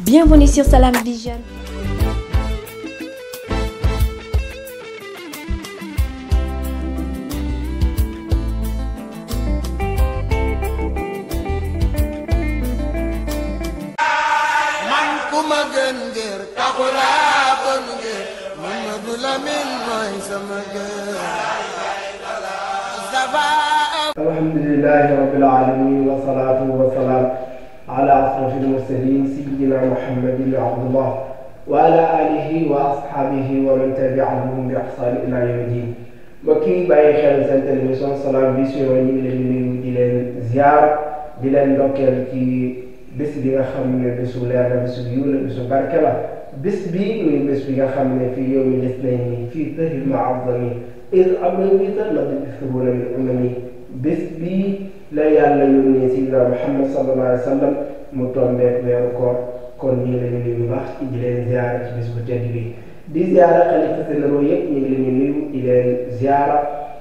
Bienvenue sur Salam Vision. alhamdulilahi rabbil alamin wa salaatu wa salaam على أشرف المرسلين سيدنا محمد بن عبد الله وعلى آله وأصحابه ومن تبعهم بإحسان إلى يوم الدين mbokk yi bàyyi xel seen télévision Salam Vision ñu ngi leen di nuyu di leen ziar di leen ndokkeel ci bés bi nga xam ne bésu leer la bésu yiw la bésu barke la bés bi muy bés bi nga xam ne fii yow mi gis nañ ni fii tëri ma azami il am na wiitar la bi fi wala mi am na ni bés bi la yàlla yónnee Seydina Muhammad sallallahu alayhi wa sallam mu tombeek weeru koor kon ñu ngi leen nuyu bu baax di leen ci bis bu tedd bi di ziara xalifa généraux yëpp ñu ngi leen nuyu di leen ziara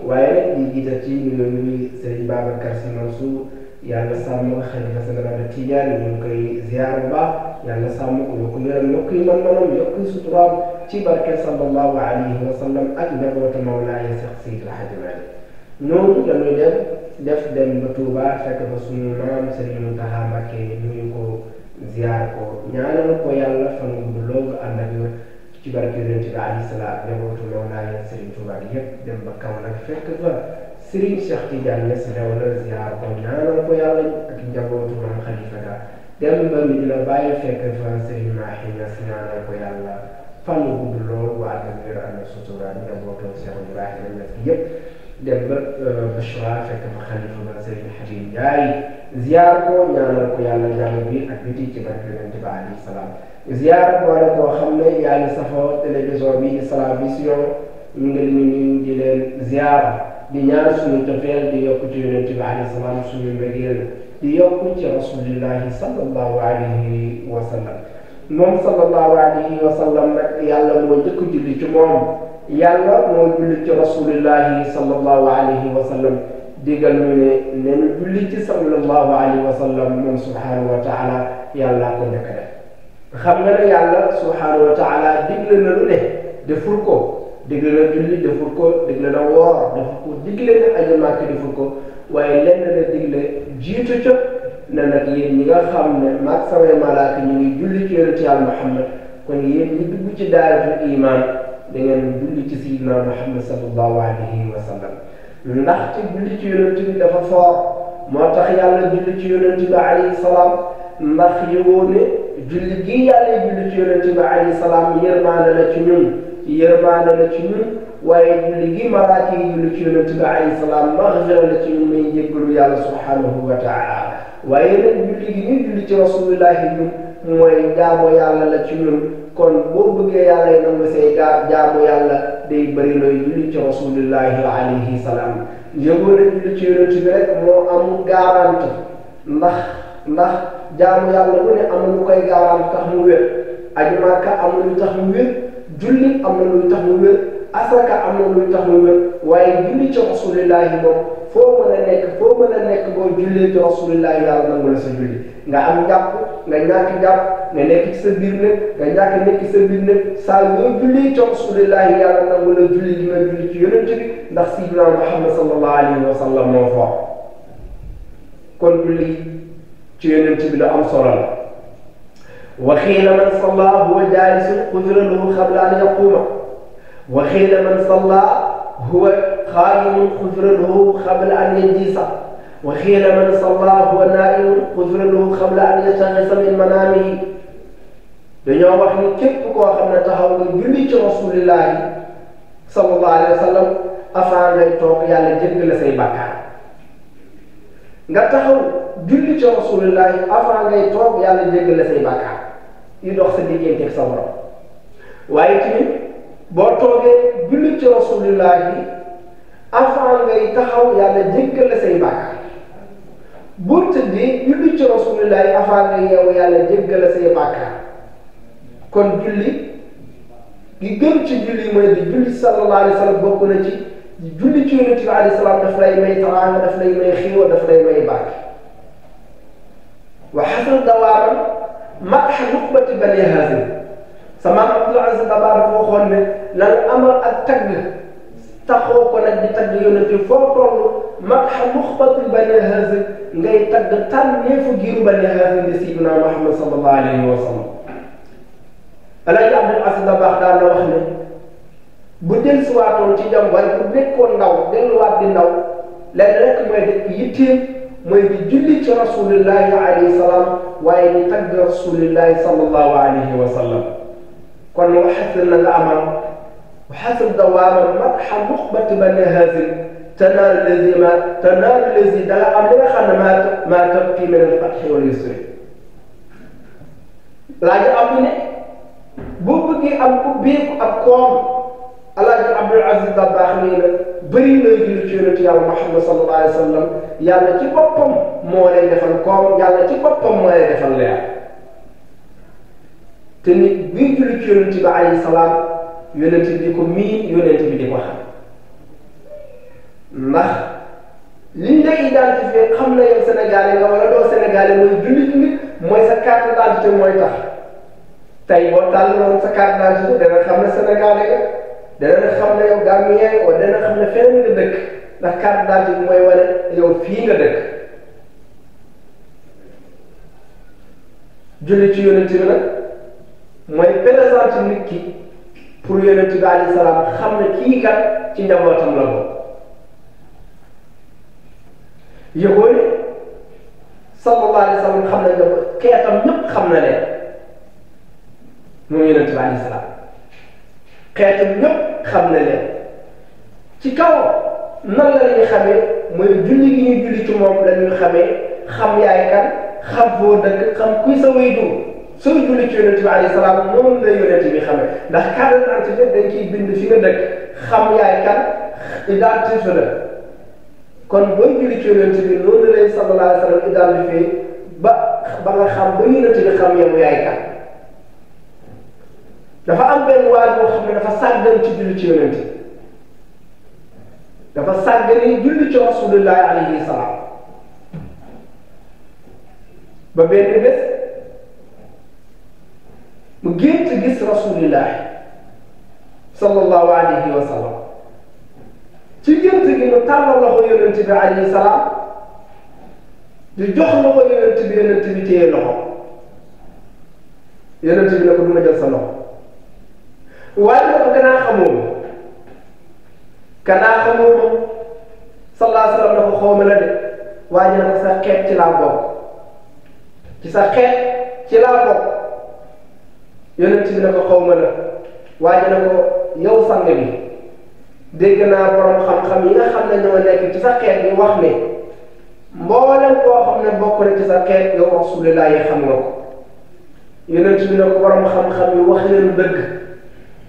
waaye nag ñu jiital ci ñu ngi nuyu Serigne Babacar Sy Mansour yàlla sàmm xalifa général de Tidiane ñu ngi koy ziara bu baax yàlla sàmm ko yokku wéram yokk yi man-manam yokk suturaam ci barke sallallahu alayhi wa sallam ak njabootu Mawlaaya Seex Seydi El Hadji Maalik noonu la ñuy def def dem ba Touba fekk fa suñu maam Serigne Mountakha Mbacké nuyu ko ziar ko ñaanal ko yàlla fan nga gudd loolu ànd ak wér ci barke yonent bi alayhi salaam njabootu Mawlaay Serigne Touba gi yépp dem ba Kaolack fekk fa Serigne Cheikh Tidiane Niass rew la ziar ko ñaanal ko yàlla ak njabootu maam Khalifa ga dem ba Medina Baye fekk fa Serigne Mahi Niass ñaanal ko yàlla fan nga gudd loolu waa dem wér ànd ak sutura njabootu Cheikh Ibrahima Niass gi yépp dem ba Bichra fekk fa xalifa ba Serigne Habib Ndiaye ziar ko ñaanal ko yàlla jàmm bi ak biti ci barke yonent ba alayhi salaam ziar boole koo xam ne yaa ngi safoo télévision bi Salam Vision mu ngi leen di leen ziar di ñaan suñu tofeel di yokk ci yonent bi alayhi salaam suñu mbégeel di yokk ci rasulillahi sallallahu alayhi wa sallam moom sallallahu alayhi wa sallam nag yàlla ci moom. yàlla moo julli ci rasulillahi sallallahu alayhi wa sallam digal ñu ne nee na julli ci alayhi wa sallam moom subhanahu wa taala yàlla ko xam ne yàlla subhanahu wa taala digle na lu ne deful ko digle na julli deful ko digle na woor deful ko digle na aji màkk deful ko waaye lenn la digle jiitu ca ne nag yéen ñi nga xam ne maag samay malaaka ñu ngi julli ci yonent yàlla Muhammad kon yéen ñi dugg ci daara da ngeen julli ci sayyidina Muhammad sallallahu alayhi wa sallam ndax ci julli ci yonent bi dafa foor moo tax yàlla julli ci yonent bi alayhi salaam ndax yëgoo ne julli gii yàlla julli ci yonent bi alayhi salaam yërmaane la ci ñun yërmaane la ci ñun waaye julli gi malaaka yi julli ci yonent bi alayhi salaam maxfira la ci ñun may jéggalu yàlla subhanahu wa taala waaye nag julli gi ñuy julli ci rasulillahi ñun mooy jaamu yàlla la ci ñun kon boo bëggee yàlla yi nangu say gaa jaamu yàlla day bëri looy julli ci rasulillahi alayhi salaam yëgoo na julli ci yonent bi rek moo am garanti ndax ndax jaamu yàlla bu ne am lu koy garanti tax mu wér aji màkka am na lu tax mu wér julli am na lu tax mu wér asaka am na lu mu wér waaye julli ci rasulillahi moom foo mën a nekk foo mën a nekk boo jullee ci rasulillah julli nga am jàpp nga ñàkk jàpp nga nekk ci sa biir nag nga ñàkk nekk ci sa biir saa yoo jullee ci rasulillah yàlla la julli gi nga julli ci yonent bi ndax sidina Muhammad sallallahu alayhi wa sallam moo fa kon julli ci yonent bi lu am solo la wa xiila man salla huwa jaalisun qudira lahu qabla an yaquuma wa xiila man salla هو قائم قذر له قبل أن ينجس وخيل من صلى هو نائم قذر له قبل أن يستيقظ من منامه dañoo wax ni képp koo xam ne taxaw nga julli ci rasulillahi sallallahu alayhi wa sallam afaan toog yàlla jéggal la say bàkkaar nga taxaw julli ci rasulillahi afaan toog yàlla jéggal la say bàkkaar yu dox sa digganteeg sa borom waaye tamit boo toogee julli ci rasulillah yi taxaw yàlla jéggal la say bàkkaar bul tëddee julli ci rasulillah yi avant ngay yeewu yàlla jéggal kon julli gi gën ci julli mooy di julli sallallahu alayhi wa sallam bokk na ci julli ci yonent bi def salaam lay may taraanga daf lay may xiiwa daf lay may bàkk wa xasal dawaaram mat xanuqbati bani haazim sama Abdul Aziz Dabakh dafa waxoon ne na nga amal ak tagg taxoo ko nag di tagg yonent bi foo toll mag xam muxbatul bani haazim ngay tagg tànneefu giiru bani haazim di Sayyidina Muhammad sallallahu alayhi wa sallam Alaaji Abdul Aziz Dabakh daan na wax ne bu del siwaatoon ci jam waaye bu nekkoon ndaw delluwaat di ndaw lenn rek mooy de yitteel mooy di julli ci rasulillahi alayhi salaam waaye di tagg rasulillahi sallallahu alayhi wa sallam kon waxasal la nga amal waxasal dawaaman mat xam muxbat ba ne hasil tanaal lazi ma tanaal lazi dala am li nga xam ne maa maa tabki min al fatxi wal yusri laaji am ne boo bëggee am ubbeeku ak koom Alaaji Abdul Aziz Dabaax nee na bëri na julli ci yonent yàlla Muhammad sallallahu alayhi wa sallam yàlla ci boppam moo lay defal koom yàlla ci boppam moo lay defal leer te nit buy julli ci yonent bi alayhi salaam yonent bi ko mii yonent bi di ko xam ndax liñ lay identifié xam na yow sénégalais nga wala doo sénégalais mooy jullit nit mooy sa carte d'identité mooy tax tey boo tàlloon sa carte d'identité dana xam ne sénégalais nga dana xam ne yow gambien wala dana xam ne feneen nga dëkk ndax carte d'identité mooy wane yow fii nga dëkk julli ci yonent bi nag mooy présenter nit ki pour yonent bi alayhi salaam xam ne kii kat ci njabootam la bokk yëgoo ne sallallahu alayhi salaam xam nañ ko xeetam ñëpp xam na leen moom yonent bi alayhi salaam xeetam ñëpp xam na leen ci kaw nan la ñuy xamee mooy julli gi ñuy julli ci moom la ñuy xamee xam yaay kan xam foo dëkk xam kuy sa way suñu julli ci yonente bi alayhi moom la yonente bi xamee ndax carte d'identité dañ ciy bind fi nga dëkk xam yaay kan la kon booy julli ci yonente bi loolu lay sallallahu alayhi wa sallam identifié ba ba nga xam ba yonente bi xam yow yaay kan dafa am benn waay boo xam ne dafa sàggan ci julli ci yonente bi dafa sàggan yi julli ci rasulillahi alayhi salaam mu gént gis rasulillahi sallallahu wa sallam ci gént gi mu tàllal loxo yonent bi alayhi salaam di jox loxo yonent bi yonent bi téye loxo yonent bi ne ko du ma jël sa loxo waaye nag kanaa xamoo kanaa xamoo sallallahu alayhi wa sallam dafa xawma la de waaye nag sa xeet ci laa bokk ci sa xeet ci laa bokk yonent bi ne ko xaw na waaye ne ko yow sang bi dégg naa borom xam-xam yi nga xam ne ñoo nekk ci sa xeet wax ne mboolem koo xam ne bokk na ci sa xeet yow rasulullah yi xam nga ko yonent bi ne ko borom xam-xam yi wax leen dëgg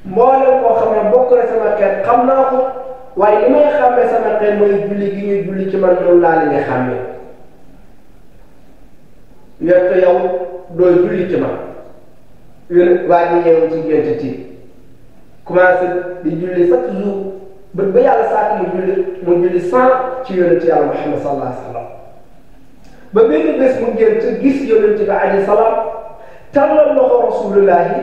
mboolem koo xam ne bokk na sama xeet xam naa ko waaye li may xàmmee sama xeet mooy julli gi ñuy julli ci man loolu laa la nga xàmmee yonent yow doo julli ci man yónn waa ji yeewu ci gént tiit commencé di julli chaque jour ba ba yàlla sàkk mu julli mu julli cent ci yónent yàlla Muhammad sallallahu alayhi wa sallam ba benn bés mu gént gis yónent bi alayhi salaam tàllal loxo rasulullahi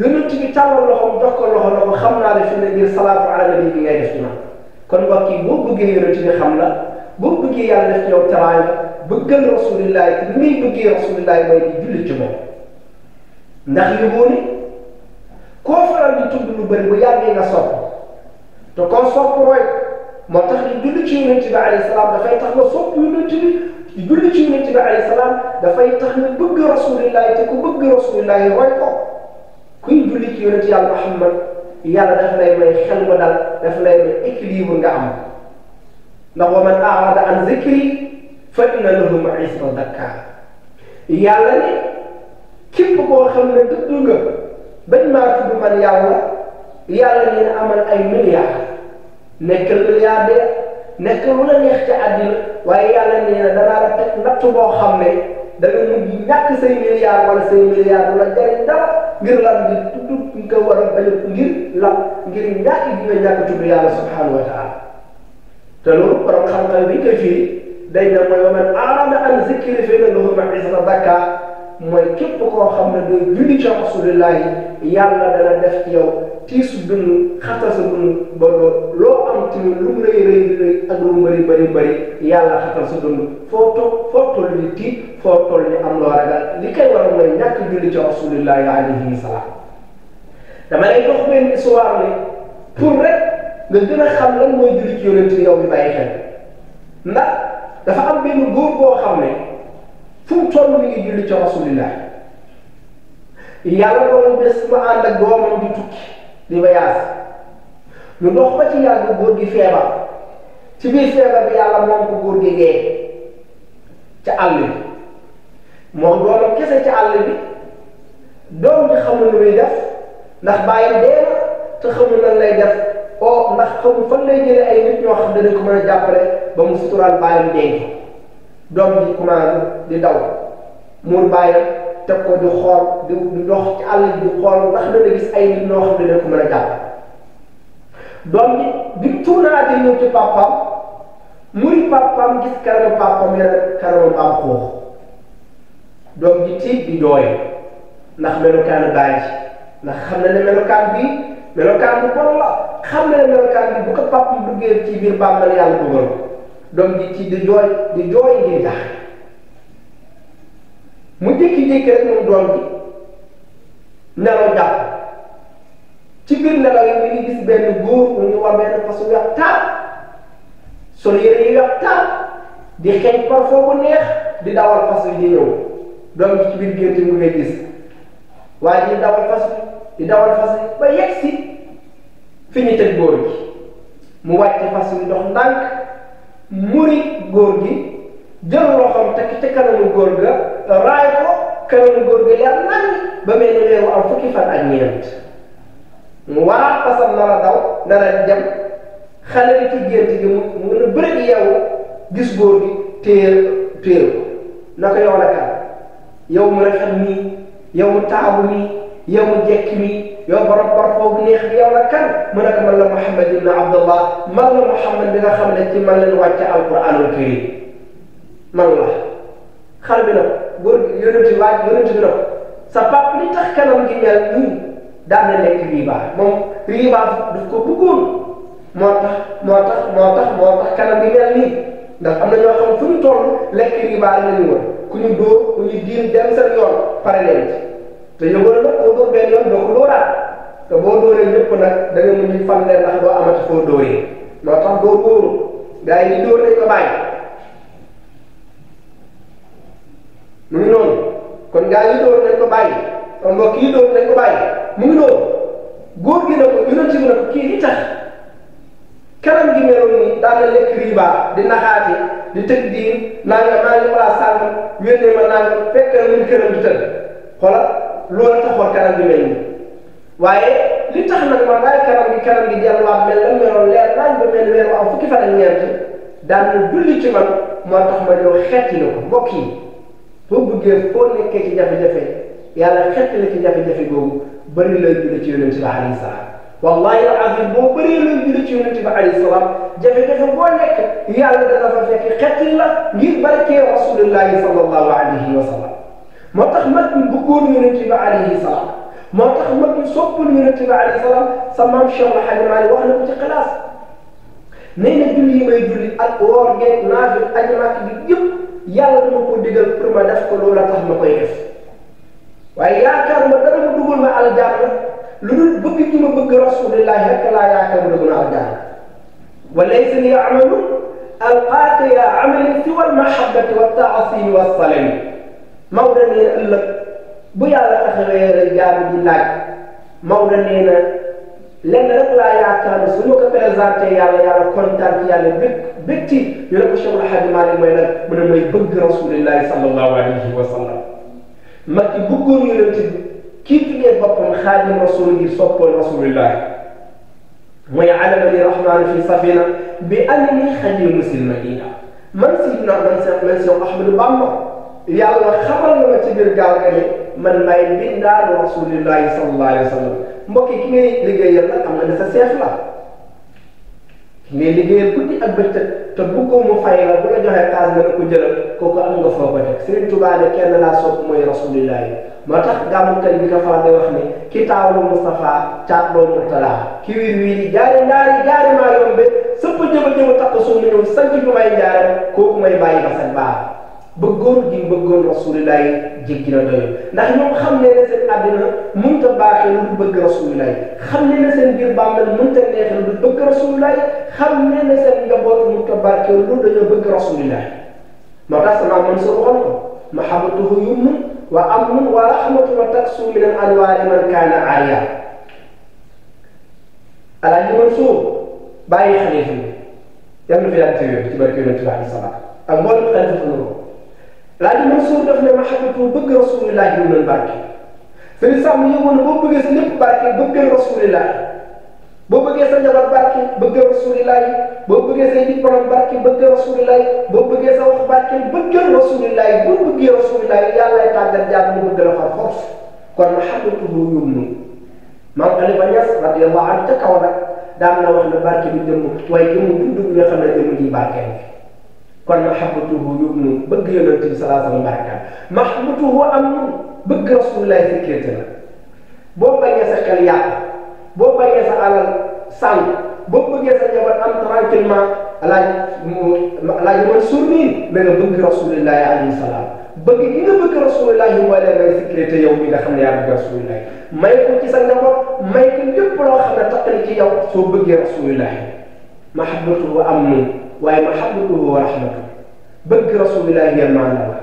yónent bi tàllal loxo jox ko loxo loxo xam naa ne fi ne ngir salaatu ala nabi bi ngay def ci man kon mbokk yi boo bëggee yónent bi xam la boo bëggee yàlla def ci yow teraanga bëggal rasulillahi te li muy bëggee rasulillahi mooy di julli ci moom ndax yëgoo ni koo faral di tudd lu bëri bu yàggee nga sopp te koo sopp roy moo tax ñu julli ci yonent bi alayhi salaam dafay tax nga sopp yonent bi julli ci yonent bi alayhi salaam dafay tax nga bëgg rasulillahi te ku bëgg rasulillahi roy ko kuy julli ci yonent yàlla Muhammad yàlla daf lay may xel mu dal daf lay may équilibre nga am ndax wa man aarada an zikri fa inna lahu ma'ishatan dankan yàlla ne képp koo xam ne dëgg nga bañ maa tudd man yàlla yàlla ñu ne amal ay milliards nekk milliardaire nekk lu la neex ci àddina waaye yàlla nee na danaa la teg natt boo xam ne da nga mujj ñàkk say milliards wala say milliards du la jariñ dara ngir lan ngir tudd nga war a bañ ngir lan ngir ñàkk gi nga ñàkk tudd yàlla subhanahu wa taala te loolu borom xam-xam bi ko fii day na mooy wa man aarada an zikri fa inna lahu ma'isatan dakkaa mooy képp koo xam ne day julli ci rasulillahi yàlla dana def ci yow tiisu dund xatal sa dund ba loo am ti lu mu rëy rëy rëy mu bëri bëri bëri yàlla xatal sa dund foo ni tiit foo ni am loo ragal li koy waral mooy ñàkk julli ci rasulillahi alayhi salaam dama lay dox benn histoire ne pour rek nga gën a xam lan mooy julli ci yonent yow mi bàyyi xel ndax dafa am benn góor boo xam ne. fu mu toll mi ngi julli ci rasulillah yàlla loolu bés ma ànd ak doomam di tukki di voyage lu dox ba ci yàgg góor gi feebar ci biir feebar bi yàlla moom ko góor gi dee ca àll bi moom doomam kese ca àll bi doom bi xamul lu muy def ndax bàyyi dee na te xamul lan lay def o oh, fan lay jëlee ay nit ñoo xam ne dana ko mën a jàppale ba mu suturaal bàyyam dee doom bi commencé di daw mu bàyyi teg ko di xool di dox ci àll bi di xool ndax dana gis ay nit ñoo xam ne dana ko mën a jàpp doom bi bi tuunaatee ñëw ci melokaanu bàyyi xam ne ne melokaan bi bu ko papaam duggee ci biir bàmmeel yàlla bëggoon doom ji ci di jooy di jooy ngir jaaxle mu jékki-jékki rek moom doom ji nelaw jàpp ci biir nelaw yi mi ngi gis benn góor mu ngi war benn fas yu weex taal sol yére yi weex taal di xeeñ neex di dawal fas yi di ñëw doom ji ci biir gént mu ngay waaye di dawal fas di dawal fas ba yegg si fi ñu tëj góor gi mu wàcce fas muri góor gi jël loxoom teg ci kanamu góor ga raay ko kanamu góor ga leer nañ ba mel ni weeru am fukki fan ak ñeent mu waraat pasam nar a daw nar a dem xale bi ci gént gi mu mu gën a bëri yow gis góor gi téer téer ko na ko yow la kan yow mu rafet nii yow mu taabu nii yow mu jekk wi yow borom parfum neex bi yow la kan mu ne ko man la Muhammad ibn na man la Muhammad bi nga xam ne ci man leen wàcce alquranul karim man la xal bi nag góor gi yonent bi waaj yonent bi nag sa pap li tax kanam gi mel nii daan na lekk riba moom riba daf ko bëggoon moo tax moo tax moo tax moo tax kanam gi mel nii ndax am na ñoo xam fu ñu toll lekk ku ñu dóor ku ñu diin dem seen yoon pare leen ci te yëngal nag boo dóor benn yoon doo ko dóoraat boo dóoree ñëpp nag da nga mujj fan leen ndax ama amati foo dóoree loo tax doo dóoru gars yi ñu dóor nañ ko bàyyi kon gars yi dóor nañ ko bàyyi kon mbokk yi dóor nañ ko bàyyi gi na ko yonent bi na ko kii li tax kanam gi meloon ni daan na lekk di naxaati di tëj diin naa nga maa ngi wala sànq wénnee ma naa nga fekk na loola taxoon kanam gi mel waaye li tax nag man daal kanam gi kanam gi delluwaat mel na meloon leer nañ ba mel weeru fukki fan ak ñeent daan ci man moo tax ma ñëw xetti la ko mbokk yi boo bëggee foo nekkee ci jafe-jafe yàlla xetti la ci jafe-jafe googu bëri looy julli ci yonente ba alayhi salaam wallahi alazim boo bëree looy julli ci yonente ba alayhi salaam jafe-jafe boo nekk yàlla dana fa fekk xetti la ngir barkee rasulillahi sallallahu alayhi wa sallam moo tax mag ñi bëggoon yonente ba alayhi salaam moo tax mag ñi soppoon yonente ba alayhi salaam sa maam Cheikh El Hadj Malick wax na ko ci xalaas nee na julli yi may julli ak woor ngeen naafil ak ñamaat bi yëpp yàlla dama ko digal pour ma def ko loola tax ma koy def waaye yaakaar ma dara ma dugal ma aljanna lu dul bëgg gi ma bëgg rasulillahi rek laa yaakaar ma dugal aljanna wa laysa li amalu alqaaka yaa amali siwa almahabbati wa taasini wa salami Maodo nee na ëllëg bu yàlla taxawee rek jaabi di laaj Maodo nee na lenn rek laa yaakaar ne su ma ko présenté yàlla yàlla kontaan ci yàlla bég bég ci ñu ne ko Cheikh Alhaji mooy lan mu ne mooy bëgg rasulillahi sallallahu alayhi wa sallam ma ci bëggoon yonent bi kii fi ngeen boppam xaadim rasul ngir soppoon rasulillahi mooy alamali rahmaani fi safina bi annani xadimu silmadina man si man si Ahmadu yàlla xamal na ma ci biir gaal ga ne man maay mbindaanu rasulillahi sallallahu alayhi wa sallam mbokk yi ki ngay liggéeyal nag am na ne sa seef la mais liggéeyal guddi ak bëccëg te bu ko mu fay la bu la joxee xaalis ko jëlal kooku am nga foo ko teg Sëriñ Tuubaa ne kenn laa sopp mooy rasulillahi moo tax gàmmkat bi dafa di wax ne kitaabu Mustafa caatloo Murtala ki wiir wiiri jaari ndaari jaari maa yombe sëpp jëba jëba takk suuf ñëw sanc lu may jaare kooku may bàyyi ba sa baax bëggoon gi bëggoon rasulillah yi jéggi na doyul ndax ñoom xam ne na seen àddina mënta baaxee lu bëgg rasulillah yi xam ne na seen biir bàmmeel mënta neexee lu bëgg rasulillah yi xam ne na seen njaboot mënta barkee lu dañoo bëgg rasulillah yi moo tax sama mën sa waxoon ko mahabatuhu yumnu wa amnun wa rahmatu wa taksu min al anwaari man kaana aaya alaaji Mansuur bàyyi xalifa yi yal na fi yàlla ci barke yonent bi ak mboolem xalifa laaj Mansour daf ne mahabbatu bëgg rasulillah yi doon barke sëriñ Sam mu yëgoon boo bëggee sa lépp barke bëggal rasulillah boo bëggee sa njaboot barke bëggal rasulillah yi boo bëggee say diplôme barke bëggal rasulillah yi boo bëggee sa wax barke bëggal rasulillah yi boo bëggee rasulillah yi yàlla lay tàggat jàpp mu bëgg la far force kon mahabbatu boo yóbbu maam Aliou ba Niass radiyallahu anhu ca kaw nag daan na wax ne barke bi jëmm waaye jëmm dund nga xam ne jëmm ji barke kon mahabbatuhu yumnu bëgg yonent bi salaa sallam barakaat mahabbatuhu am bëgg rasulullah sécurité la boo bañee sa xel yàq boo bañee sa alal sànq boo bëggee sa jabar am tranquillement alaaj alaaji man surniin na nga bëgg rasulillahi alayhi salaam bëgg gi nga bëgg rasulillahi moo leen may sécurité yow mi nga xam ne yaa bëgg rasulillahi may ko ci sa njaboot may ko lépp loo xam ne taqal ci yow soo bëggee rasulillahi mahabbatuhu am waaye mahabbatuhu wa rahmatuhu bëgg rasulillahi yan maanaam la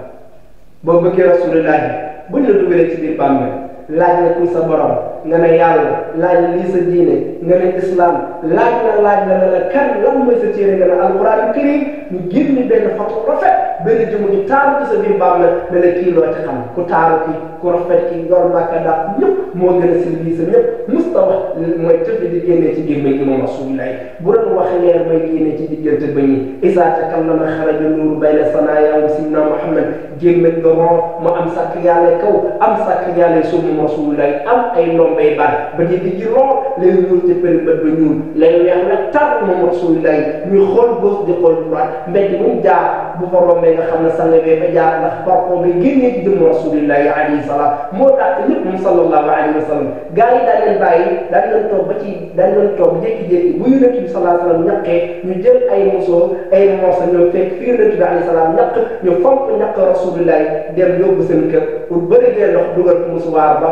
boo bëggee rasulillahi buñ la dugalee ci biir bàmmeel laaj na kuy sa borom nga ne yàlla laaj na lii sa diine nga ne islam laaj na laaj na ne la kan lan mooy sa téere nga ne alquran karim ñu génn benn photo rafet benn jëmm ñu taaru ci sa biir bàmmeel ne la kii loo ci xam ku taaru kii ku rafet ki ngor màkka dàq ñëpp moo gën a civilisé ñëpp musta wax mooy tëdd di génnee ci gémmiñ gi moom rasulilahi bu doon wax leer may génnee ci diggante ba ñi isa takallama xaraja nuuru bayna sanaya wa sinna muhammad gémmiñ nga ron mu am sàkk yàlla kaw am sàkk yàlla suuf moom rasulilahi am ay ndombay baat ba di di ron lay ñuul ci përi bët ba ñuul lay weex na tar moom rasulilahi ñu xool gos di xool droit mbedd mu jaar bu fa rombee nga xam ne bee fa jaar ndax parfo bi génnee salaa moo tax ñëpp moom sallallahu alayhi wa sallam gaa yi daan leen bàyyi daan leen toog ba ci daan leen toog jékki-jékki bu yonent bi salaa salaam ñaqee ñu jël ay mosoo ay morsa ñoom fekk fi yonent bi alayhi salaam ñaq ñu fonk ñaq rasulillahi dem yóbbu seen kër pour bëri dee ndox dugal ko musuwaar ba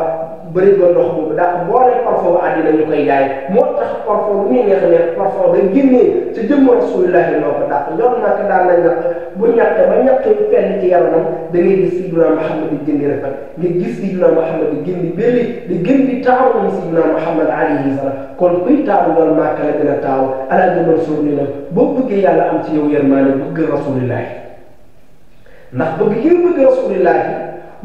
bëri doon ndox boobu ndax mboole parfum àddina ñu koy jaay moo tax parfum lu muy neex neex parfum da génnee ci jëmm rasulillahi noo ko dàq yor naa ko daan nañ naq bu ñàkk ba ñàkk fenn ci yaramam da ngay gis Sayyidina Muhammad di gën di rafet nga gis Sayyidina Muhammad di gën di bëri di gën di taaru moom Sayyidina Muhammad alayhi salaam kon kuy taaru loolu màkk la gën a taaru alaa gën a suur ni la boo bëggee yàlla am ci yow yërmaane bëgg rasulillahi ndax bëgg yéen bëgg rasulillahi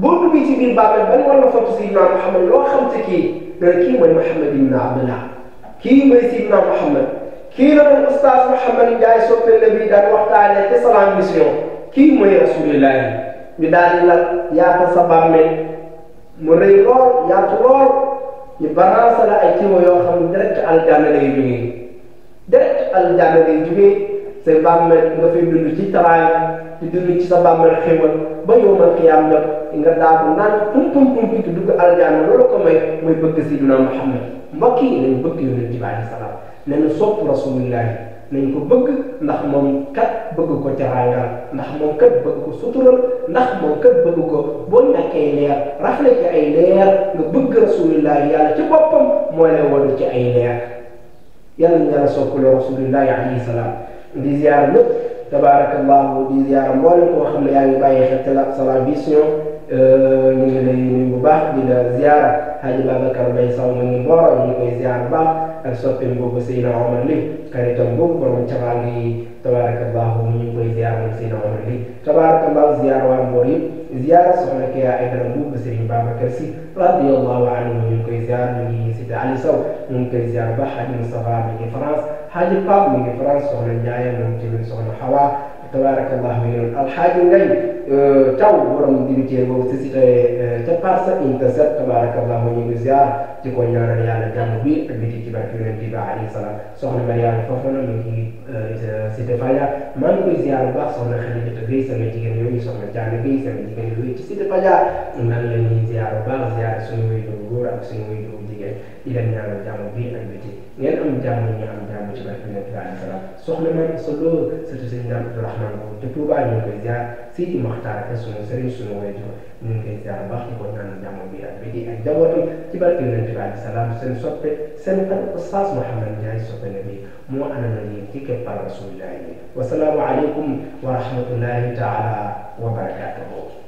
boo duggee ci biir bàmmeel ba war na fotu Sayyidina Muhammad loo xam ci kii dana kii mooy Muhammad ibn Abdullah kii mooy Sayyidina Muhammad kii la doon oustaz Mouhamed Ndiaye soppe la bi daan waxtaane ci Salam Vision kii mooy rasulillahi ñu daal yaata sa bàmmeel mu rëy lool yaatu lool ñu balancé la ay tiwo yoo xam ne direct aljanna lay jógee direct aljanna lay jógee sa bàmmeel nga fay dund ci taraanga di dund ci sa bàmmeel xéwal ba yowmal xiyaam jot nga daal naan pum pum pum ci dugg aljanna loolu ko may mooy bëgg Sidina Muhammad mbokk yi lañ bëgg yonent bi alayhi nee na sopp rasulillahi nañ ko bëgg ndax moom kat bëgg ko teraangal ndax moom kat bëgg ko sutural ndax moom kat bëgg ko boo ñàkkee leer rafle ci ay leer nga bëgg rasulillahi yàlla ci boppam moo lay wadu ci ay leer yàlla ñu yàlla soppale rasulillahi alayhi salaam di ziar ñëpp tabaarakallahu di ziar mboolem koo xam ne yaa ngi bàyyi xel tala Salam Vision euh, ñu ngi lay nuyu bu baax di la ziar Haji Babacar Mbaye Sow ma ngi mbooro ñu ngi koy ziar baax soppee boobu Seydina Omar li xaritam boobu borom cabaal gi tabaarakallaahu mu ngi koy ziar moom Seydina Omar li tabaarakallaahu ziar waa mboor yi ziar soxna Kya Aidara Mboup Serigne Babacar Sy radiyallaahu anhu ñu ngi koy ziar ñu ngi Sidi Ali Sow ñu ngi koy ziar ba Hadj Moustapha mi ngi France Hadj Pape mi ngi France soxna Ndiaye moom tamit soxna Hawa tabarakallahu yoon alxaaji ngay e, taw borom dibitee boobu si cité ca e, parcelle unité sept tabarakallahu ñu ngi ziar ci ko ñaanal yàlla jàmm bi ak biti ci barke yonent bi alayhi salaam soxna Mariama foofu la ñu ngi e, cité Fadia maa ngi koy ziar bu baax soxna Xadijata Gay sama jigéen yooyu ci cité Fadia nan la ñuy ziar bu baax ziar ci barke yonent bi alayhi salaam soxla nañ sa lool sëtu sëñ Dame Abdourahmane moom te Touba ñu ngi koy ziar Seydi Moxtaar ak sunu sëriñ sunu way jox ñu ngi koy ziar baax bi ak bi ak jabootam ci barke yonent bi alayhi salaam seen soppe seen xarit Oustaz Mouhamed Ndiaye soppe na bi moo anana yéen ci keppaaru Rasulullah yi wasalaamu aleykum wa rahmatullahi taala wa